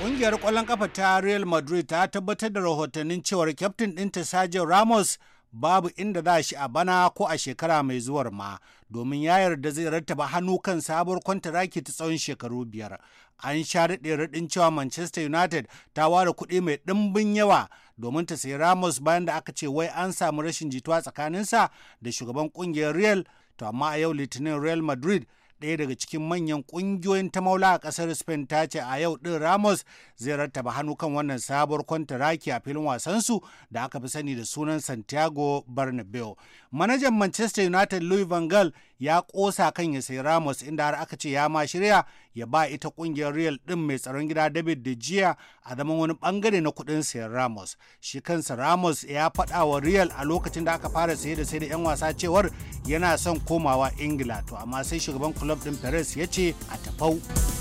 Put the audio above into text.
Ƙungiyar ƙwallon ƙafa ta Real Madrid ta tabbatar da rahotannin cewar kyaftin ɗinta Sergio Ramos babu inda za shi a bana ko a shekara mai zuwar ma domin ya yarda zai rattaba hannu kan sabuwar kwantaraki ta tsawon shekaru biyar an sha daɗe raɗin cewa manchester united ta ware kuɗi mai ɗimbin yawa domin ta sayi ramos bayan da aka ce wai an samu rashin jituwa tsakaninsa da shugaban ƙungiyar real to amma a yau litinin real madrid ɗaya daga cikin manyan ƙungiyoyin ta maula a ƙasar spain ta ce a yau ɗin ramos zai rattaba hannu kan wannan sabuwar kwantaraki a filin wasansu da aka fi sani da sunan santiago bernabeu manajan manchester united louis van gaal ya ƙosa kan ya sayi ramos inda har aka ce ya ma shirya ya ba ita kungiyar Real din mai tsaron gida David De jiya a zaman wani bangare na kudin sayan Ramos. Shi kansa Ramos ya faɗa wa Real a lokacin da aka fara saye da sai da 'yan wasa cewar yana son komawa Ingila to amma sai shugaban club din Perez ya ce a tafau.